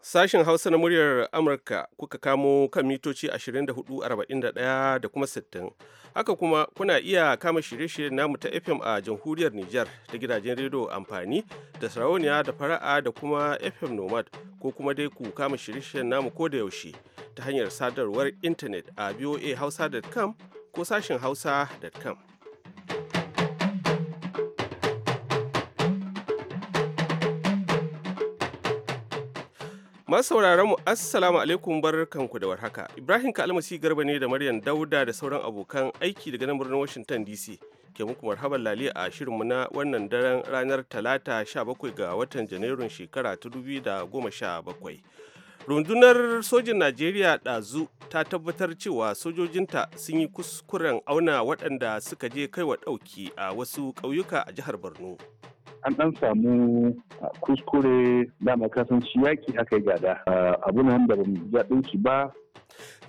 Sashen Hausa na muryar Amurka kuka kamo kan mitoci 24,41 da kuma 60. Haka kuma kuna iya kama shirye-shiryen namu ta FM a jamhuriyar Nijar ta gidajen rediyo amfani da sarauniya da fara'a da kuma FM Nomad ko kuma dai ku kama shirye-shiryen namu ko da yaushe ta hanyar sadarwar intanet a voahausa.com ko sashen hausa.com. sauraron mu assalamu alaikum barkanku da warhaka ibrahim kalmasi garba ne da maryam dauda da sauran abokan aiki daga nan birnin washington dc ke muku marhaban lali a mu na wannan daren ranar talata 17 ga watan janairun shekara ta 2017 rundunar sojin najeriya ɗazu ta tabbatar cewa sojojinta sun yi kuskuren auna waɗanda suka je kaiwa ɗauki a wasu ƙauyuka a jihar borno an ɗan samu kuskure dama kasan shi yaƙi aka yi gada abu nan da ba ba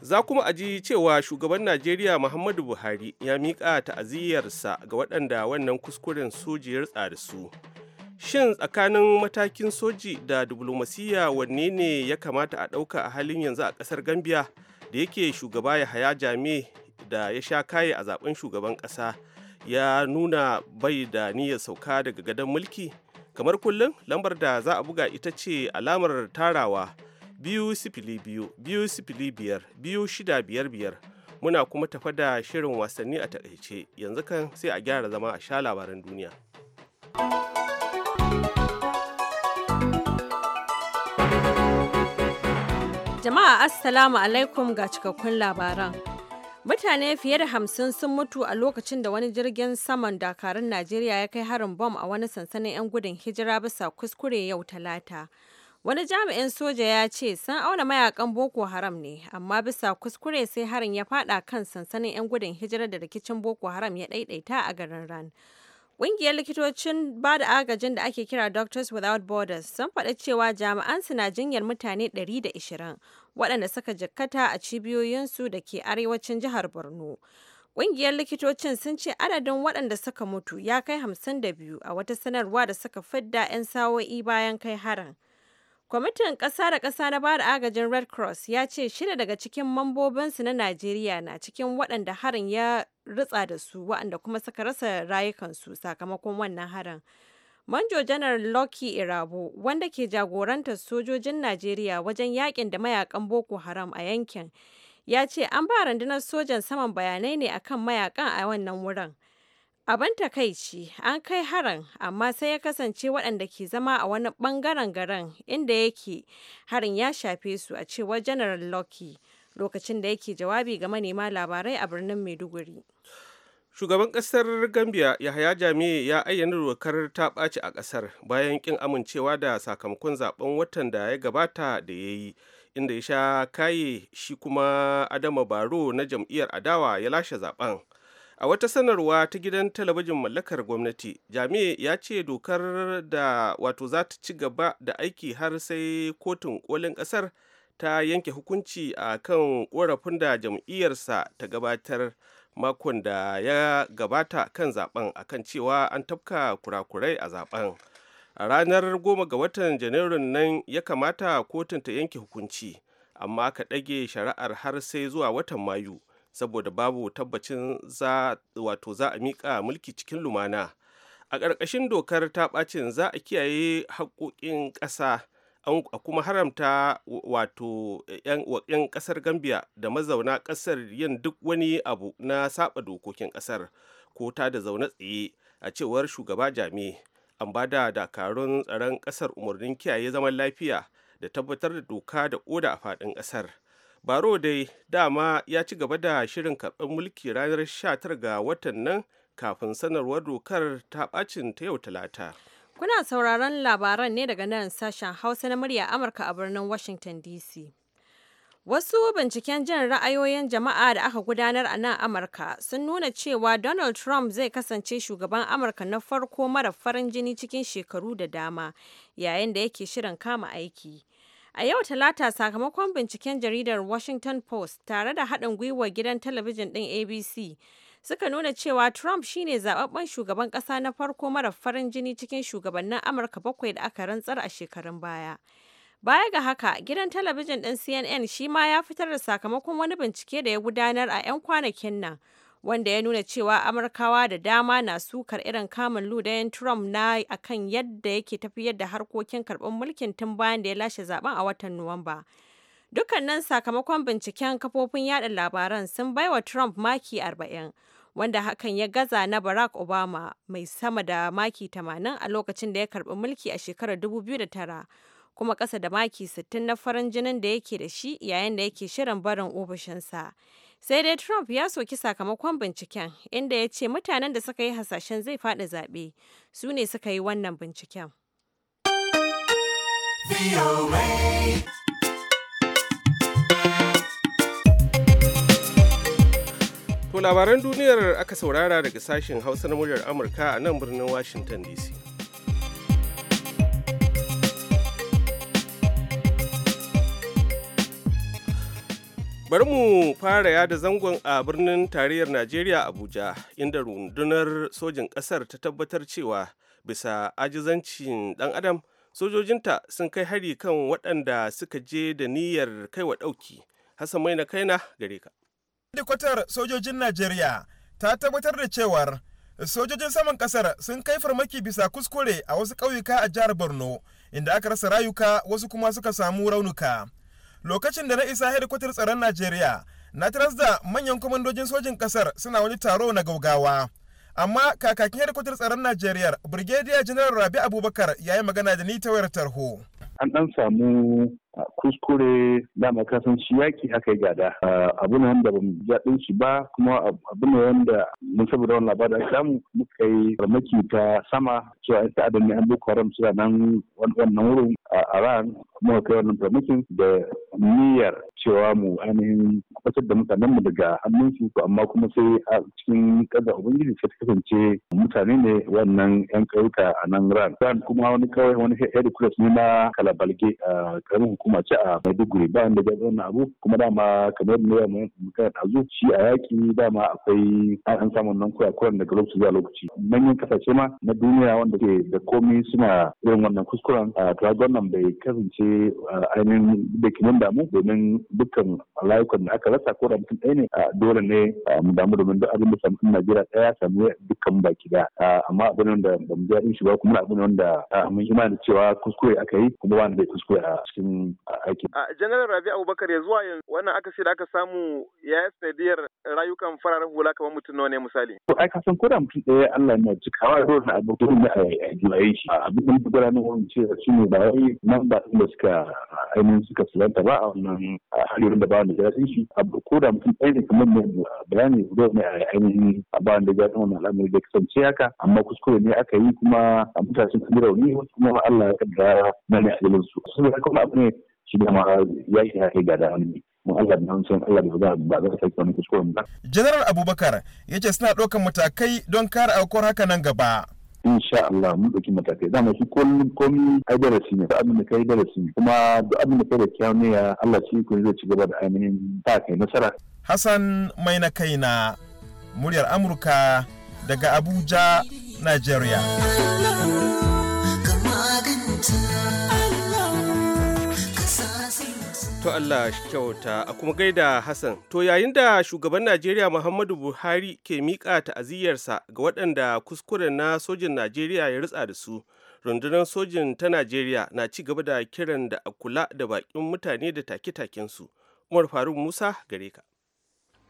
Za kuma a ji cewa shugaban Najeriya Muhammadu Buhari ya miƙa ta'aziyyarsa ga waɗanda wannan kuskuren sojiyar tsari su. shin tsakanin matakin soji da diflomasiyya wanne ne ya kamata a ɗauka a halin yanzu a ƙasar gambia da yake shugaba ya haya jami da ya sha kaye a zaben shugaban ƙasa ya nuna bai da niyyar sauka daga gadon mulki kamar kullum lambar da za a buga ita ce alamar tarawa biyu sifili biyu biyu sifili biyar biyu shida biyar biyar muna kuma tafa da shirin wasanni a takaice yanzu kan sai a gyara zama a sha labaran duniya. Jama'a Assalamu alaikum ga cikakkun labaran. Mutane fiye da hamsin sun mutu a lokacin da wani jirgin saman dakarun Najeriya ya kai harin bom a wani sansanin 'yan gudun hijira bisa kuskure yau talata. Wani jami'in soja ya ce sun auna mayakan Boko Haram ne, amma bisa kuskure sai harin ya fada kan sansanin 'yan gudun hijira da rikicin Boko Haram ya ɗaiɗaita a garin Ran. Ƙungiyar likitocin ba da agajin da ake kira Doctors Without Borders sun faɗa cewa jami'an na jinyar mutane 120 waɗanda suka jikkata a cibiyoyinsu da ke arewacin jihar Borno. Ƙungiyar likitocin sun ce adadin waɗanda suka mutu ya kai 52 a wata sanarwa da suka fidda 'yan sawo'i bayan kai harin. Kwamitin ƙasa da ƙasa na bada agajin Red Cross ya ce shida daga cikin mambobinsu na Najeriya na cikin waɗanda harin ya ritsa da su waɗanda kuma suka rasa rayukansu sakamakon wannan harin. Manjo Janar Lucky Irabo wanda ke jagorantar sojojin Najeriya wajen yakin da mayakan Boko Haram a yankin ya ce an ba rundunar sojan saman bayanai ne akan mayakan a wannan wurin. Abin takaici an kai harin amma sai ya kasance waɗanda ke zama a wani ɓangaren garin inda yake harin ya shafe su a cewar General Lucky lokacin da yake jawabi ga manema labarai a birnin Maiduguri. Shugaban ƙasar Gambia Yahaya Jami ya ayyana dokar ta ɓaci a ƙasar bayan ƙin amincewa da sakamakon zaben watan da ya gabata da ya yi inda ya sha kaye shi kuma Adama Baro na jam'iyyar adawa ya lashe zaben. a wata sanarwa ta gidan talabijin mallakar gwamnati jami ya ce dokar da wato za ta ci gaba da aiki har sai kotun kolin kasar ta yanke hukunci a kan korafin da jam'iyyarsa ta gabatar makon da ya gabata kan zaben a kan cewa an tafka kurakurai a zaben a ranar goma ga watan janairun nan ya kamata kotun ta yanke hukunci amma ka ɗage shari'ar har sai zuwa watan mayu saboda babu tabbacin za wato za a miƙa mulki cikin lumana a ƙarƙashin dokar ta ɓacin za a kiyaye haƙoƙin ƙasa a kuma haramta wato 'yan ƙasar gambia da mazauna ƙasar yin duk wani abu na saba dokokin ƙasar ko ta da zaune tsaye a cewar shugaba jami an ba da dakarun tsaron ƙasar umarnin kiyaye zaman lafiya da tabbatar da doka da oda a faɗin ƙasar baro dai dama ya ci gaba da shirin karɓar mulki ranar 19 ga watan nan kafin sanarwar dokar ta ɓacin ta yau talata kuna sauraron labaran ne daga nan sashen hausa na murya amurka a birnin washington dc Wasu binciken jin ra'ayoyin jama'a da aka gudanar a nan Amurka sun nuna cewa Donald Trump zai kasance shugaban Amurka na farko mara farin jini cikin shekaru da dama yayin da yake shirin kama aiki. A yau Talata sakamakon binciken jaridar Washington Post tare da haɗin gwiwar gidan talabijin ɗin ABC suka nuna cewa Trump shine zababben shugaban ƙasa na farko mara farin jini cikin shugabannin Amurka bakwai da aka rantsar a shekarun baya. Baya ga haka, gidan talabijin ɗin CNN shi ma ya fitar da sakamakon wani bincike da ya gudanar a 'yan kwanakin nan, wanda ya nuna cewa Amurkawa da dama na sukar irin kamun ludayen Trump na akan yadda yake tafiyar da harkokin karɓar mulkin tun bayan da ya lashe zaben a watan Nuwamba. Dukkanin sakamakon binciken kafofin yada labaran sun baiwa Trump maki 40, wanda hakan ya gaza na Barack Obama mai sama da maki 80 a lokacin da ya karɓi mulki a shekarar 2009. kuma ƙasa da maki 60 na farin jinin da yake da shi yayin da yake shirin barin ofishinsa. Sai dai Trump ya soki sakamakon binciken inda ya ce mutanen da suka yi hasashen zai faɗi zaɓe su ne suka yi wannan binciken. To labaran duniyar aka saurara daga sashen Hausa na muryar Amurka a nan birnin Washington DC. bari mu fara yada zangon a birnin tarayyar najeriya abuja inda rundunar sojin kasar ta tabbatar cewa bisa ajizancin dan adam sojojinta sun kai hari kan waɗanda suka je da niyyar kaiwa ɗauki hasan mai na kaina gare ka kwatar sojojin najeriya ta tabbatar da cewar sojojin saman kasar sun kai farmaki bisa kuskure a wasu ƙauyuka a jihar borno inda aka rasa rayuka wasu kuma suka samu raunuka lokacin da na isa hedikwatar tsaron najeriya na taras da manyan kwamandojin sojin kasar suna wani taro na gaugawa amma kakakin hedikwatar tsaron najeriya brigadier general rabi abubakar ya yi magana da ni ta wayar tarho an dan samu kuskure da ka shi yaki aka yi gada abu ne wanda bamu jaɗin shi ba kuma abu ne wanda mun saboda wannan labarin samu muka yi farmaki ta sama cewa ita adam ne an boko haram suna nan wannan wurin a ran muka kai wannan farmakin da niyyar cewa mu ainihin kwatar da mutanen mu daga hannun su amma kuma sai a cikin kaza ubangiji sai ta kasance mutane ne wannan yan ƙauyuka a nan ran kuma wani kawai wani headquarters ne na kalabalge a karin Kuma ci a Maiduguri ba wanda zai wannan abu kuma dama kamar ne ya mun magana dazu shi a yaki dama akwai an samu nan kuran daga lokaci zuwa lokaci manyan kasashe ma na duniya wanda ke da komai suna irin wannan kuskuren to nan bai kasance ainihin da nan damu domin dukkan layukan da aka rasa ko da mutum ɗaya ne A dole ne mu damu domin duk abin da samu Najeriya ɗaya samu dukkan baki da amma abin da ba mu ji shi ba kuma abin wanda mun imani cewa kuskure aka yi kuma wani bai kuskure a cikin aiki. A General Rabi Abubakar ya zuwa yanzu wannan akasi da aka samu ya yi sanadiyar rayukan fararen hula kamar mutum nawa ne misali. To ai ka san ko da mutum ɗaya Allah ne kawai dole na abu dole ne a jilaye shi. Abin da gudanar wani ce su ne ba wai nan ba da suka ainihin suka sulanta ba a wannan halin da ba wani ya shi. Abu ko da mutum ɗaya ne kamar mai bayani dole ne a ainihin ba wanda ya gano wannan al'amari da kasance haka amma kuskure ne aka yi kuma a mutane sun rauni wasu kuma Allah ya kaddara na ne a su. Sun kuma abu ne shi da ma yaki ya kai ga da hannu mu Allah da sun Allah da ba za wani kuskuren ba General Abubakar yace suna ɗaukan matakai don kare aukuwar haka nan gaba sha Allah mun ɗauki matakai za shi kullum komi ai darasi ne da abin da kai darasi ne kuma da abin da kai da kyau ne ya Allah shi kun zai ci gaba da ainihin ta kai nasara Hassan mai na kaina muryar Amurka daga Abuja Nigeria To Allah shi kyauta a kuma gaida Hassan. To yayin da shugaban Najeriya Muhammadu Buhari ke miƙa ta'aziyyarsa ga waɗanda kuskuren na sojin Najeriya ya ritsa da su. Rundunar sojin ta Najeriya na ci gaba da kiran da a kula da baƙin mutane da take-takensu. Umar Faruk Musa gare ka.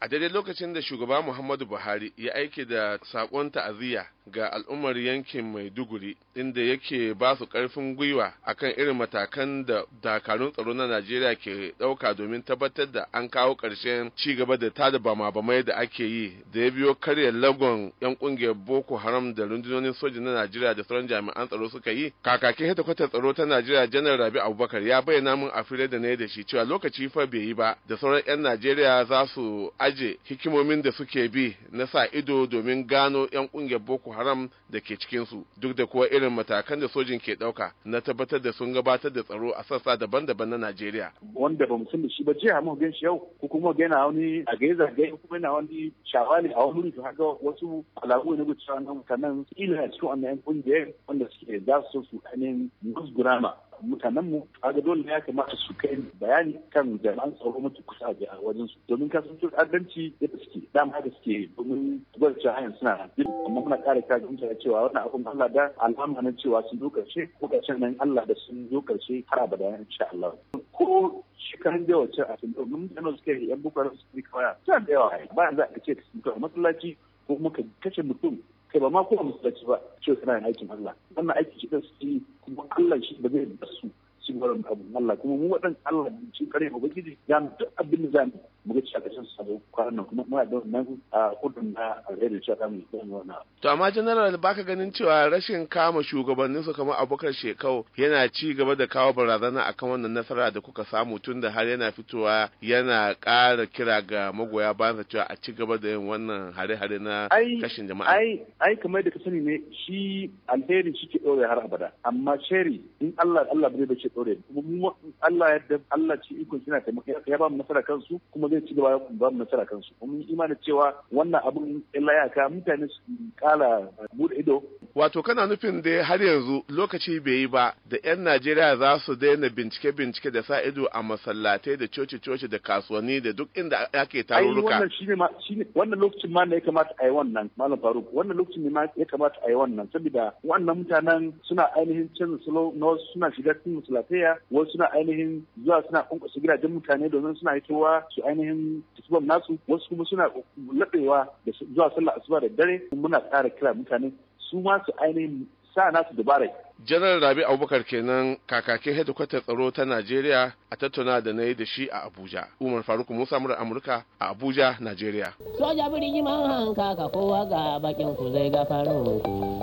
a daidai lokacin da shugaba muhammadu buhari ya aike da saƙon ta'aziyya ga al'ummar yankin maiduguri inda yake ba su karfin gwiwa akan irin matakan da dakarun tsaro na najeriya ke ɗauka domin tabbatar da an kawo ƙarshen da ta da tada bama-bamai da ake yi da ya biyo karya lagon 'yan ƙungiyar boko haram da rundunonin soja na najeriya da sauran jami'an tsaro suka yi kakakin hedikwatar tsaro ta najeriya janar rabi abubakar ya bayyana min a fire da na da shi cewa lokaci fa bai yi ba da sauran 'yan najeriya za su aje hikimomin da suke bi na sa ido domin gano 'yan ƙungiyar boko haram da ke cikinsu duk da kuwa irin matakan da sojin ke ɗauka na tabbatar da sun gabatar da tsaro a sassa daban-daban na Najeriya. Wanda ba musulmi shi ba jiya mu gan shi yau ko kuma yana wani a gaiza gai ko kuma yana wani shawali a wani da haka wasu alaƙo ne gucewa na mutanen kila cikin wannan kungiyar wanda suke za su su ainihin musgurama mutanenmu kaga dole ya kamata su kai bayani kan jami'an tsaro mutu kusa a wajen su domin kasan su addanci yadda suke dama da suke domin zubar cewa hanyar suna bin amma muna kare kaji mutane cewa wannan abin Allah da alama na cewa sun zo karshe ko karshen nan Allah da sun zo karshe har abada insha Allah ko shekarun da wace a cikin domin mutane suke yan bukwarar suke kawai ta da yawa bayan za a ce masallaci ko kuma ka kashe mutum kai ba ma kowa musulunci ba ce suna yin aikin Allah wannan aiki shi da su yi kuma Allah shi ba zai basu su gwaron abu Allah kuma mu waɗanda Allah shi kare ba gidi ya mutu duk abin da za mu muka ci a ƙarshen sabo kwanan kuma muna da wannan kudin na alheri da za mu wannan. To amma general baka ganin cewa rashin kama shugabannin su kamar abokan shekau yana ci gaba da kawo barazana kan wannan nasara da kuka samu tun da har yana fitowa yana ƙara kira ga magoya bayan cewa a ci gaba da yin wannan hare-hare na kashin jama'a. Ai ai kamar da ka sani ne shi alheri shi ke ɗore har abada amma sheri in Allah Allah bai bace ɗore Allah ya Allah ci ikon suna taimaka ya ba mu nasara kansu kuma zai ci gaba ba mu nasara kansu mun imani cewa wannan abin illa ya mutane su kala bude ido wato kana nufin dai har yanzu lokaci bai yi ba da 'yan najeriya za su daina bincike-bincike da sa ido a masallatai da coci-coci da kasuwanni da duk inda ake tarurruka wannan lokacin ma ya kamata a yi wannan malam faruk wannan lokacin ne ma ya kamata a yi wannan saboda wannan mutanen suna ainihin canza salo na wasu suna shiga cikin masallataya wasu suna ainihin zuwa suna kunkusa gidajen mutane domin suna hitowa su ainihin tasbam nasu wasu kuma suna laɓewa da zuwa sallah asuba da dare muna ƙara kira mutane su ma su ainihin sa nasu dabarai. Janar Rabi Abubakar kenan kakakin hedikwatar tsaro ta Najeriya a tattauna da na yi da shi a Abuja. Umar Faruk Musa murar Amurka a Abuja, Najeriya. Soja birni man hanka ka kowa ga bakin ku zai ga farin ku.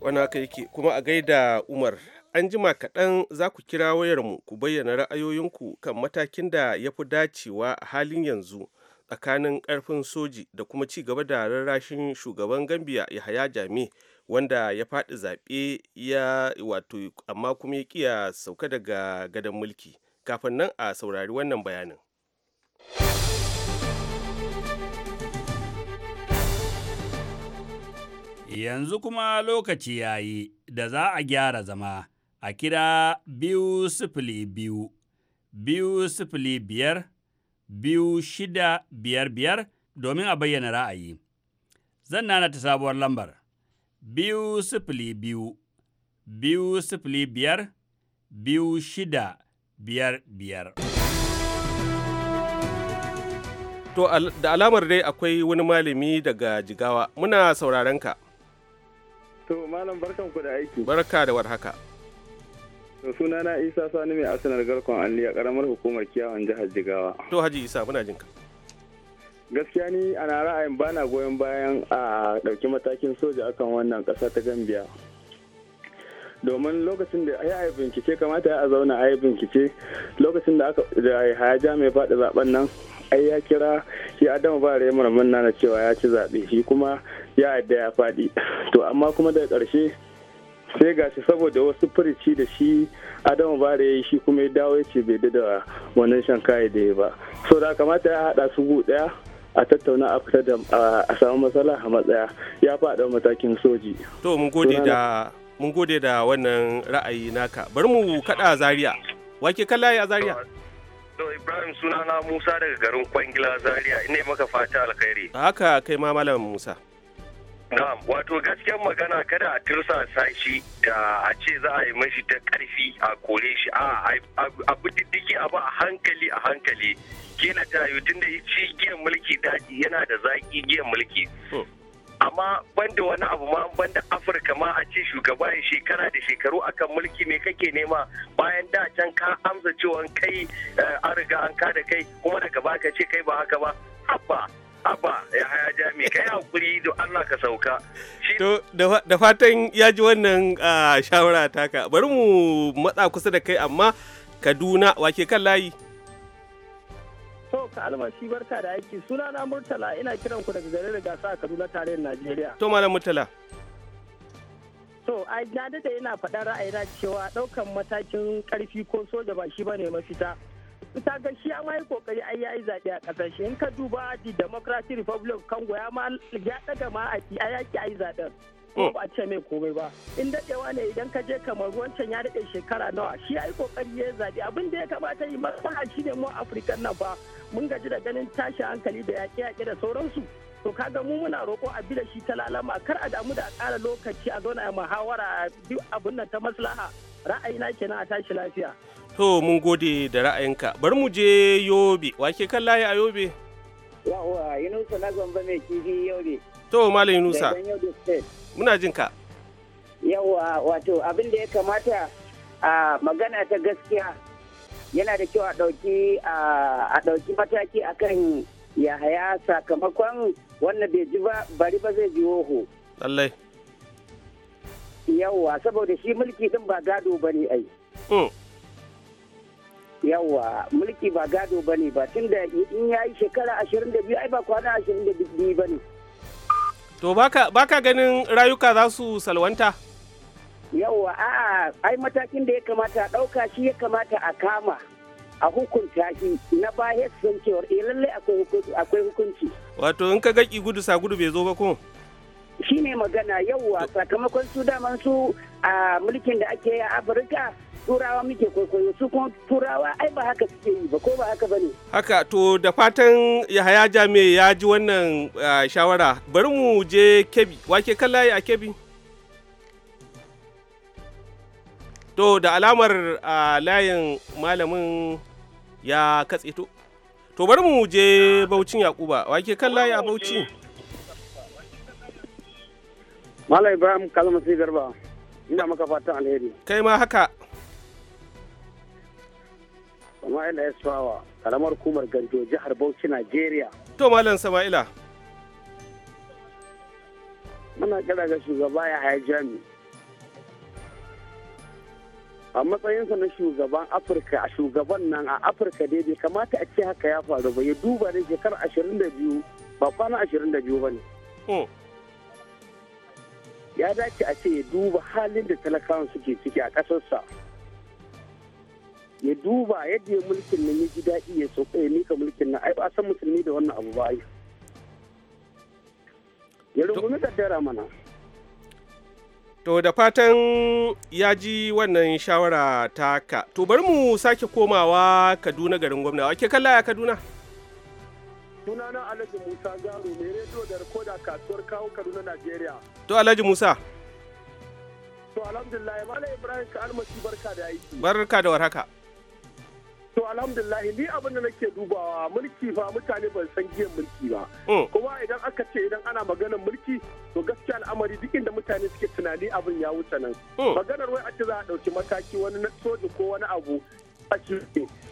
Wani haka yake kuma a gaida Umar an jima kaɗan za ku kira wayarmu ku bayyana ra'ayoyinku kan matakin da ya fi dacewa a halin yanzu tsakanin karfin soji da kuma ci gaba da rarrashin shugaban gambia yahaya jami wanda ya faɗi zaɓe ya wato amma kuma ya kiya sauka daga gadon mulki kafin nan a saurari wannan bayanin yanzu kuma lokaci ya yi da za a gyara zama a kira biyu sifili biyu biyu sifili biyar biyu shida biyar biyar domin a bayyana ra'ayi. Zan nana ta sabuwar lambar biyu sifili biyu, biyu sifili biyar, biyu shida biyar biyar. To da alamar dai akwai wani malami daga Jigawa muna sauraron ka. To malam barkan ku da aiki. Barka da warhaka. haka. suna na isa sani mai asinar garkon alli a karamar hukumar kiyawan jihar jigawa to haji isa muna jin ka gaskiya ni ana ra'ayin bana goyon bayan a ɗauki matakin soja akan wannan kasa ta gambia domin lokacin da ya yi bincike kamata ya zauna a yi bincike lokacin da aka da haja mai faɗi zaben nan ai ya kira shi adamu ba rai murmunna na cewa ya ci zaɓe shi kuma ya yadda ya faɗi to amma kuma daga ƙarshe sai ga shi saboda wasu furici da shi adamu ba da ya yi shi kuma ya dawo ya ce bai da wannan shan kayi da ya ba so da kamata ya haɗa su gu ɗaya a tattauna a fita da a samu matsala a matsaya ya faɗa matakin soji. To mun gode da mun gode da wannan ra'ayi naka bari mu kaɗa zaria wake kallaye a zaria. To Ibrahim sunana Musa daga garin Kwangila Zaria ina maka fata alkhairi. Haka kai ma Malam Musa. Na'am, wato gaskiyar magana kada a tursa sashi da a ce za a yi mashi ta karfi a kore shi a a diddiki a ba a hankali a hankali kena ta yi tun da ci giyan mulki daji yana da zaƙi giyan mulki. Oh. Amma banda wani abu ma banda Afirka ma a ce shugaba ya shekara da shekaru akan mulki me kake nema bayan da can ka amsa cewa kai eh, an riga an kada kai kuma daga baka ce kai ba haka ba. Abba abba ya haya jami kai hakuri da Allah ka sauka. To da fatan ya ji wannan shawara taka bari mu matsa kusa da kai amma Kaduna wake kan layi. To ka almasi barka da aiki suna na Murtala ina kiran ku daga garin gasa a Kaduna tarayyar Najeriya. To malam Murtala. To a na da ina faɗar ra'ayina cewa ɗaukan matakin ƙarfi ko soja ba shi bane mafita. ta ga shi ya mai kokari ai yayi zabe a kasar shi in ka duba the democratic republic kango ya ma ya daga ma a ai yaki ai zaben ko oh. ba ce mai komai ba in dadewa ne idan ka je kamar wancan ya dade shekara nawa shi yayi kokari ya zabe abin da ya kamata yi shi ne mu african nan fa mun gaji da ganin tashi hankali da yaƙe yaƙe da sauransu to kaga mu muna roƙo a da shi ta lalama kar a damu da a ƙara lokaci a zauna a muhawara duk abin nan ta maslaha ra'ayina kenan a tashi lafiya To mun gode da ra'ayinka. Bari mu je Yobe. Wa ke kan layi a Yobe? Yawwa, Yunusa na gombe mai kifi Yobe. To Malam Yunusa. Muna jin ka. Yawwa, wato abin da ya kamata a magana ta gaskiya yana da kyau a ɗauki a ɗauki mataki akan yahaya sakamakon wannan bai ji ba bari ba zai ji woho. Lallai. Yawwa, saboda shi mulki din ba gado ne ai. Hmm. yawa mulki ba gado ba ne ba tun da in ya yi shekara ashirin da biyu ai ba kwana ashirin da biyu ba ne. to baka ka ganin rayuka za su salwanta. yawa a'a ai matakin da ya kamata a ɗauka shi ya kamata a kama a hukunta shi na baya san cewar e lallai akwai hukunci. wato in ka ga gudu sa gudu bai zo ba ko. shi ne magana yawa sakamakon su daman su a mulkin da ake yi a afirka turawa muke kwaikwayo su kuma turawa ai ba haka suke yi ba ko ba haka bane haka to da fatan yahaya jami ya ji wannan shawara bari mu je kebi wake kallaye a kebi to da alamar layin malamin ya katse to to bari mu je baucin yakuba wake kallaye a bauci Malam Ibrahim Kalmasi Garba, ina maka fatan alheri. Kai ma haka. Sama'ila Esfawa, karamar kumar Ganjo, jihar Bauchi, Najeriya. To Malam Sama'ila. Muna kira ga shugaba ya haya jami. A matsayinsa na shugaban Afirka a shugaban nan a Afirka dai bai kamata a ce haka ya faru ba ya duba da shekarar ashirin da biyu ba kwana ashirin da biyu ba ne. Hmm. Ya dace a ce ya duba halin da talakawan suke ciki a ƙasarsa. ya duba yadda ya mulkin na ya ji daɗi ya so ya mika mulkin na, ai ba san musulmi da wannan abu ba ai ya rungumi kaddara mana To da fatan ya ji wannan shawara ta ka To bari mu sake komawa Kaduna garin gwamna. Wake kalla ya Kaduna? Sunana Alhaji Musa Garo, mai rediyo da rikoda kasuwar kawo Kaduna, Najeriya. To Alhaji Musa. To alhamdulillah, Malam Ibrahim ka almasi barka da aiki. Barka da warhaka. alhamdulillah ni abin da nake dubawa mulki fa mutane ban san giyan mulki ba. Mm. Kuma idan aka ce idan ana maganar mulki to gaskiya al'amari duk inda mutane suke tunani abin ya wuce nan. Mm. Maganar wai a ce za a ɗauki mataki wani na soja ko wani abu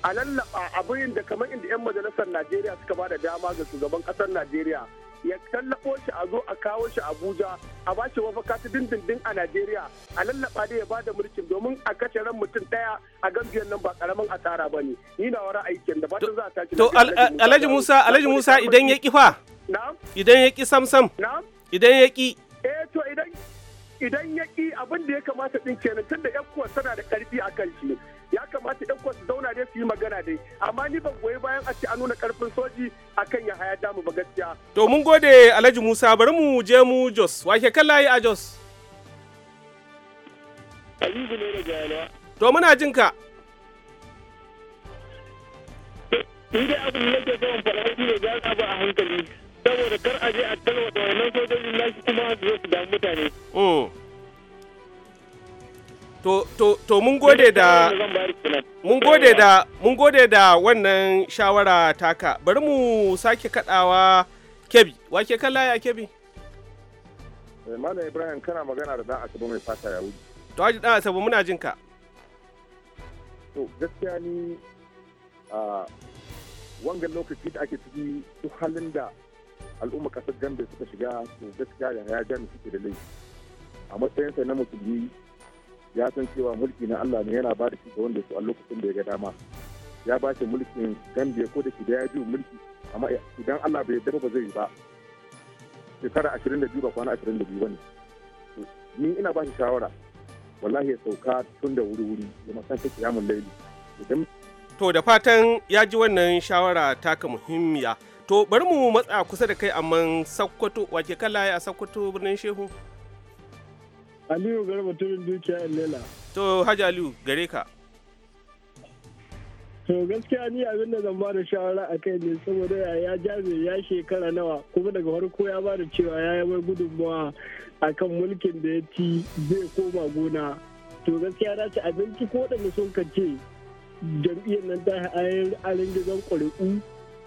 a lallaba abin da kamar inda 'yan majalisar Najeriya suka ba da dama ga shugaban ƙasar Najeriya ya tallafo shi a zo a kawo shi abuja a ba shi wafa ta dindindin a najeriya a lallaba da ya bada mulkin domin a kashe ran mutum daya a gambiyan nan ba karamin asara ba ne ni na wara aikin da ta za a tashi to alhaji musa alhaji musa idan ya ki fa idan ya ki samsam idan ya ki eh to idan idan ya ki abin da ya kamata din kenan tunda yan tana da karfi a kan shi ya kamata ɗan kwas zauna dai su yi magana dai amma ni ban goyi bayan a ce an nuna karfin soji a kan ya haya damu ba gaskiya to mun gode Alhaji Musa bari mu je mu Jos wake yi a Jos alhaji ne daga Yalwa to muna jin ka ni dai abin da yake son fara shi ne ba a hankali saboda kar a je a talwata wannan sojojin nashi kuma su zo su damu mutane oh. to to to mun gode da mun gode da mun gode da wannan shawara taka bari mu sake kadawa kebi wake kala ya kebi eh, Malam Ibrahim kana magana da dan Asabe mai fata ya wuce. To aji dan Asabe muna jin ka. To gaskiya ni a wangan lokaci da ake ciki duk halin da al'umma kasar Gambia suka shiga to gaskiya ya jami suke da laifi. A matsayinsa na musulmi ya san cewa mulki na Allah ne yana ba da shi ga wanda su a lokacin da ya ga dama ya ba shi mulkin Gambia ko da shi da ya biyu mulki amma idan Allah bai yarda ba zai yi ba shekara 22 ba kwana 22 ne ni ina ba shi shawara wallahi ya sauka tun da wuri-wuri ya masanta kiyamun laili idan to da fatan ya ji wannan shawara taka muhimmiya to bari mu matsa kusa da kai amman sakkwato wake kala ya sakkwato birnin shehu Aliyu Garba Turin Dukiya Lela. To Hajji Aliyu gare ka. To gaskiya ni abin da zan da shawara a kai ne saboda ya jami ya shekara nawa kuma daga farko ya ba da cewa ya yi mai gudunmawa kan mulkin da ya ci zai koma gona. To gaskiya na ci abinci ko da sun kace jam'iyyar nan ta ayin arin gizon ƙuri'u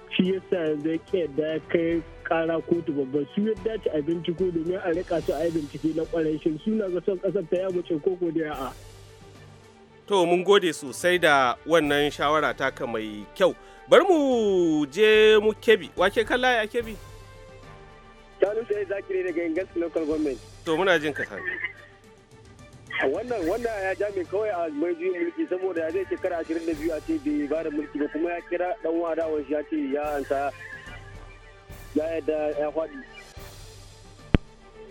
shi yasa yanzu ya ƙi yadda ya kai kara kotu babba su ya dace a binciko domin a rika su a yi bincike na kwarai shin suna ga son kasar ta ya wuce koko da ya'a. To mun gode sosai da wannan shawara ta ka mai kyau. Bar mu je mu kebi, wake kalla ya kebi? ya yi zakire daga Ingas Local Government. To muna jin ka sani. Wannan wannan ya jami kawai a mai juyin mulki saboda ya zai shekara ashirin da biyu a ce bai ba da mulki ba kuma ya kira dan wada shi ya ce ya ansa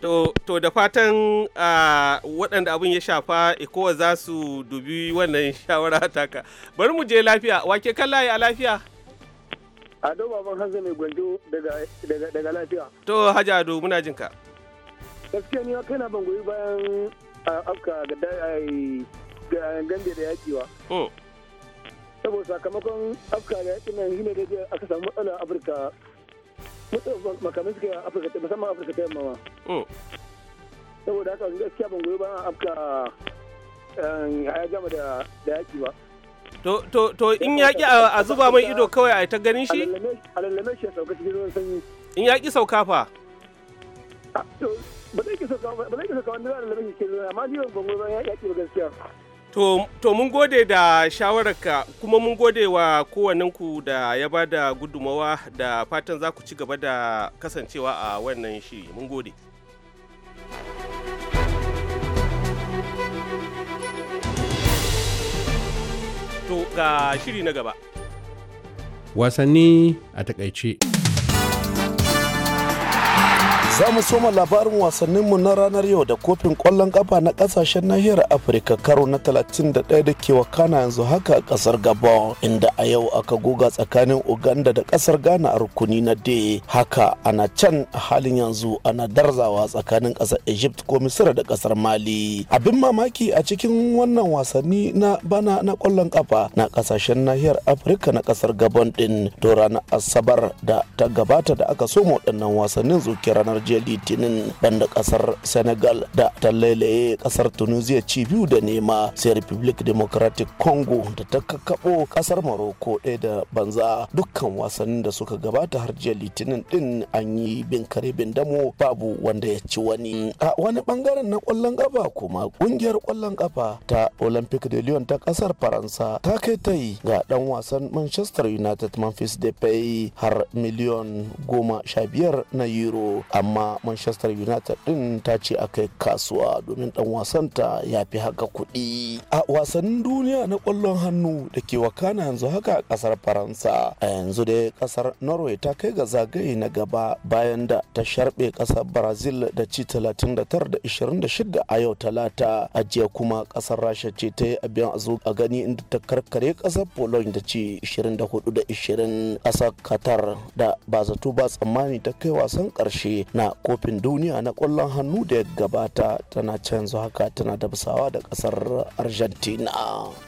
To, to da fatan uh, waɗanda abin ya shafa ikowa za su dubi wannan shawara taka. Bari mu je lafiya, wake kallaye a lafiya? Ado baban hanzu mai gwanjo daga lafiya. To, Hajji Ado, muna jin ka. Gaskiya ni kai na bangoyi bayan bayan afka ga gande da yaƙi wa. Oh. Saboda sakamakon afka da yaki nan shi ne da aka samu matsala Afirka makamai suke a afirka ta musamman afirka ta yamma ma oh. saboda haka gaskiya ban goyi ba afirka eh, ya gama da yaki ba To, in ya ki a zuba mai ido kawai a ta ganin shi? A lallame shi ya sauka cikin ruwan sanyi. In ya ki sauka fa? Ba zai ki sauka wanda za a lallame shi cikin ruwan amma ni ban goyi ba ya ba gaskiya. To, to mun gode da shawararka kuma mun gode wa kowanninku da ya ba da gudumawa da fatan za ku ci gaba da kasancewa a wannan shiri. Mun gode. To ga shiri na gaba. Wasanni a takaice. Za mu soma labarin wasanninmu na ranar yau da kofin ƙwallon ƙafa na ƙasashen nahiyar Afirka karo na 31 da ke wakana yanzu haka a ƙasar Gabon inda a yau aka goga tsakanin Uganda da ƙasar Ghana a rukuni na D. Haka ana can a halin yanzu ana darzawa tsakanin ƙasar Egypt ko Misira da ƙasar Mali. Abin mamaki a cikin wannan wasanni na bana na ƙwallon ƙafa na ƙasashen nahiyar Afirka na ƙasar Gabon din to ranar Asabar da ta gabata da aka soma waɗannan wasannin zuke ranar jiya litinin banda kasar senegal da ta lailaye kasar tunisia ci biyu da nema sai republic democratic congo da ta kakkaɓo kasar morocco ɗaya da banza dukkan wasannin da suka gabata har jiya litinin din an yi bin kare bin damo babu wanda ya ci wani a wani bangaren na kwallon kafa kuma kungiyar kwallon kafa ta olympic de lyon ta kasar faransa ta kai ta yi ga dan wasan manchester united memphis depay har miliyon goma sha biyar na euro amma amma manchester united din ta ce a kai kasuwa domin dan wasanta ya fi haka kuɗi a wasannin duniya na ƙwallon hannu da ke wakana yanzu haka a ƙasar faransa a yanzu dai ƙasar norway ta kai ga zagaye na gaba bayan da ta sharbe ƙasar brazil da ci 39-26 a yau talata a jiya kuma ƙasar rasha ce ta yi abin a gani inda ta karkare ƙasar poland da ci 24-20 ƙasar qatar da ba zato ba tsammani ta kai wasan ƙarshe na kofin duniya na kwallon hannu da ya gabata tana canza haka tana dabsawa da kasar argentina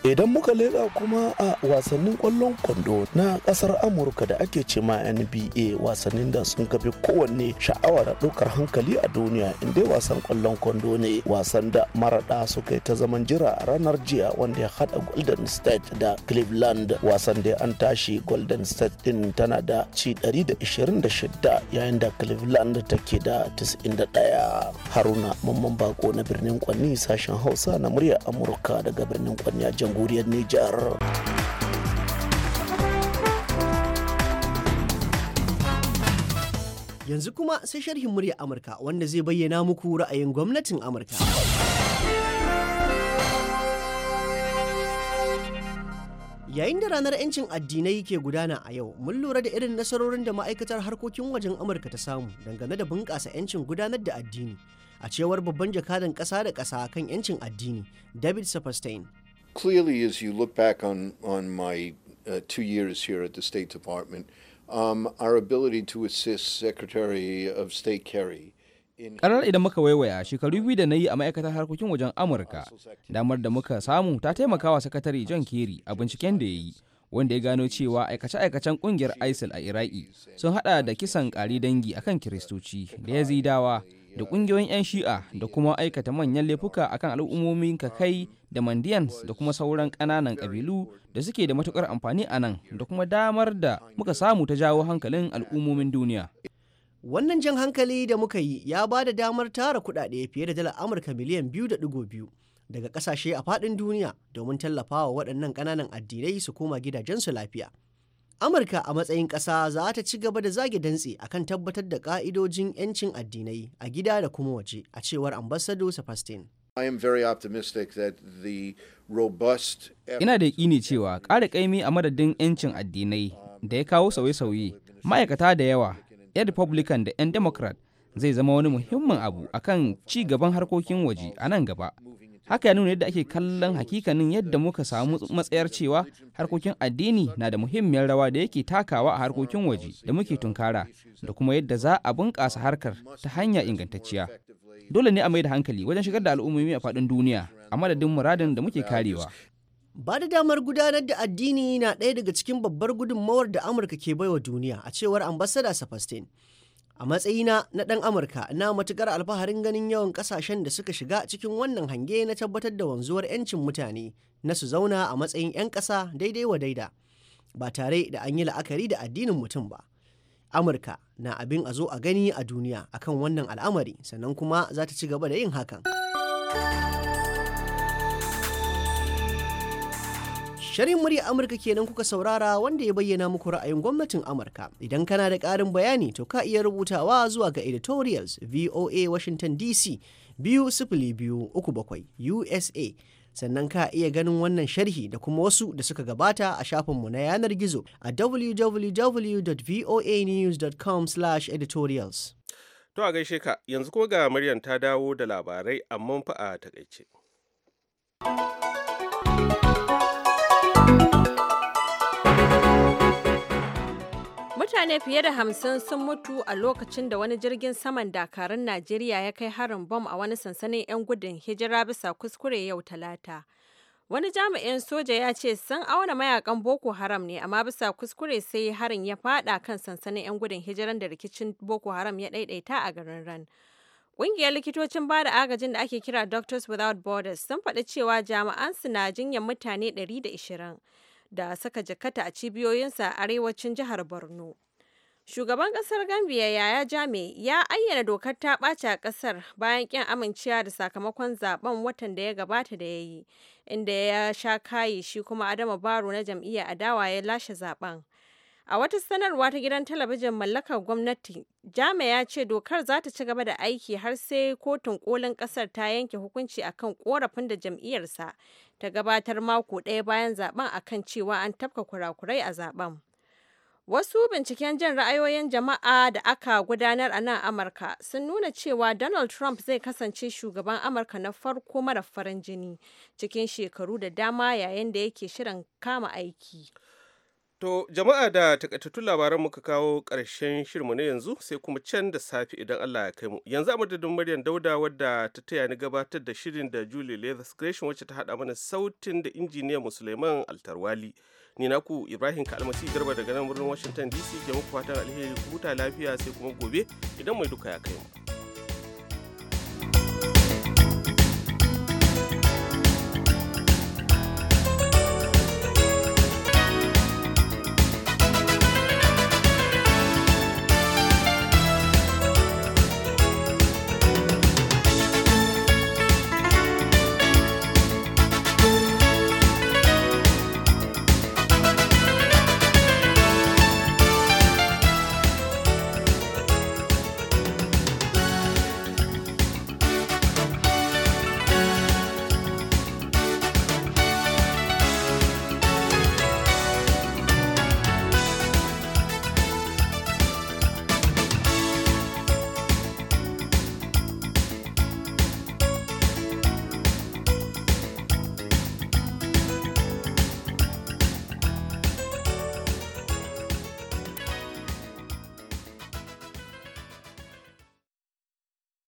idan muka lera kuma a wasannin kwallon kwando na kasar amurka da ake ce ma nba wasannin da sun kafi kowanne sha'awa da ɗaukar hankali a duniya inda wasan kwallon kwando ne wasan da maraɗa suka yi ta zaman jira a ranar jiya wanda ya haɗa golden state da cleveland wasan da an tashi golden state din tana da ci 126 yayin da cleveland take ke da 91 haruna mamman bako na birnin kwanni sashen hausa na murya amurka daga birnin kwanni a jamhuriyar nijar yanzu kuma sai sharhin murya amurka wanda zai bayyana muku ra'ayin gwamnatin amurka Yayin da ranar 'yancin addinai ke gudana a yau, mun lura da irin nasarorin da ma'aikatar harkokin wajen Amurka ta samu dangane da bunƙasa 'yancin gudanar da addini, a cewar babban jakadan ƙasa da ƙasa kan 'yancin addini, David Saperstein. Clearly, as you look back on, on my uh, two years here at the State Department, um, our ability to assist Secretary of State Kerry. Karar idan muka waiwaya shekaru biyu da na yi a ma'aikatar harkokin wajen Amurka, damar da muka samu ta taimaka wa sakatare John Kerry a binciken da ya yi, wanda ya gano cewa aikace-aikacen kungiyar ISIL a Iraki sun hada da kisan kari dangi akan Kiristoci da Yazidawa da kungiyoyin 'yan Shi'a da kuma aikata manyan laifuka akan al'ummomin Kakai da Mandiyans da kuma sauran ƙananan ƙabilu da suke da matukar amfani a nan da kuma damar da muka samu ta jawo hankalin al'ummomin duniya. Wannan jan hankali da muka yi ya ba da damar tara kuɗaɗe fiye da dalar Amurka miliyan biyu da ɗigo biyu daga ƙasashe a faɗin duniya domin tallafawa waɗannan ƙananan addinai su koma gidajensu lafiya. Amurka a matsayin ƙasa za ta ci gaba da zage dantse akan tabbatar da ƙa'idojin 'yancin addinai a gida da kuma waje a cewar ambassado Sefastin. I am very optimistic that the robust Ina da yaƙini cewa ƙara ƙaimi a madadin 'yancin addinai da ya kawo sauye-sauye ma'aikata da yawa 'yan republican da 'yan democrat zai zama wani muhimmin abu kan ci gaban harkokin waje a nan gaba haka ya nuna yadda ake kallon hakikanin yadda muka samu matsayar cewa harkokin addini na da muhimmiyar rawa da yake takawa a harkokin waje da muke tunkara da kuma yadda za a bunƙasa harkar ta hanya ingantacciya dole ne a mai da hankali wajen shigar da al'ummomi a faɗin duniya a madadin muradin da muke karewa Ba da damar gudanar da addini na ɗaya daga cikin babbar gudunmawar da Amurka ke baiwa duniya a cewar ambasada Safastin. A matsayina na ɗan Amurka na matuƙar alfaharin ganin yawan ƙasashen da suka shiga cikin wannan hange na tabbatar da wanzuwar 'yancin mutane na su zauna a matsayin 'yan ƙasa daidai wa daida ba tare da an yi la'akari da addinin mutum ba. Amurka na abin a zo a gani a duniya akan wannan al'amari sannan kuma za ta ci gaba da yin hakan. Sharhin murya Amurka kenan kuka saurara wanda ya bayyana muku ra'ayin gwamnatin Amurka. Idan kana da ƙarin bayani to ka iya rubutawa zuwa ga editorials VOA Washington DC biyu sifili biyu uku bakwai USA. Sannan ka iya ganin wannan sharhi da kuma wasu da suka gabata a shafinmu na yanar gizo a www.voanews.com/editorials. To a gaishe ka yanzu ko ga Maryam ta dawo da labarai amma fa a takaice. Mutane fiye da hamsin sun mutu a lokacin da wani jirgin saman dakarun Najeriya ya kai harin bom a wani sansanin 'yan gudun hijira bisa kuskure yau talata. Wani jami'in soja ya ce sun auna mayakan Boko Haram ne amma bisa kuskure sai harin ya fada kan sansanin 'yan gudun hijiran da rikicin Boko Haram ya daidaita a garin Ran. Ƙungiyar likitocin ba da agajin da ake kira Doctors Without Borders sun faɗi cewa jami'ansu na jinyar mutane 120. da saka jakata a cibiyoyinsa a arewacin jihar Borno. Shugaban kasar Gambia Yaya Jame ya ayyana dokar ta ɓace a kasar bayan ƙin amincewa da sakamakon zaben watan da ya gabata da ya yi, inda ya sha kayi shi kuma Adama Baro na a dawa ya lashe zaben. A wata sanarwa ta gidan talabijin mallakar gwamnati, Jame ya ce dokar za ta ci gaba da aiki har sai kotun kolin kasar ta yanke hukunci akan korafin da jam'iyyarsa ta gabatar mako ɗaya bayan zaben akan cewa an tafka kurakurai a zaben. Wasu binciken jin ra'ayoyin jama'a da aka gudanar a nan Amurka sun nuna cewa Donald Trump zai kasance shugaban Amurka na farko mara farin jini cikin shekaru da dama yayin da yake shirin kama aiki. To jama'a da takaitattun labaran muka kawo ƙarshen shirmu na yanzu sai kuma can da safe idan Allah ya kai mu. Yanzu a madadin Maryam Dauda wadda ta taya ni gabatar da shirin da Julie Leathers Gresham wacce ta haɗa mana sautin da injiniyan Musulaiman Altarwali. ni naku ibrahim kalmasi garba daga nan birnin washington dc ke muku fatan alheri huta lafiya sai kuma gobe idan mai duka ya kai mu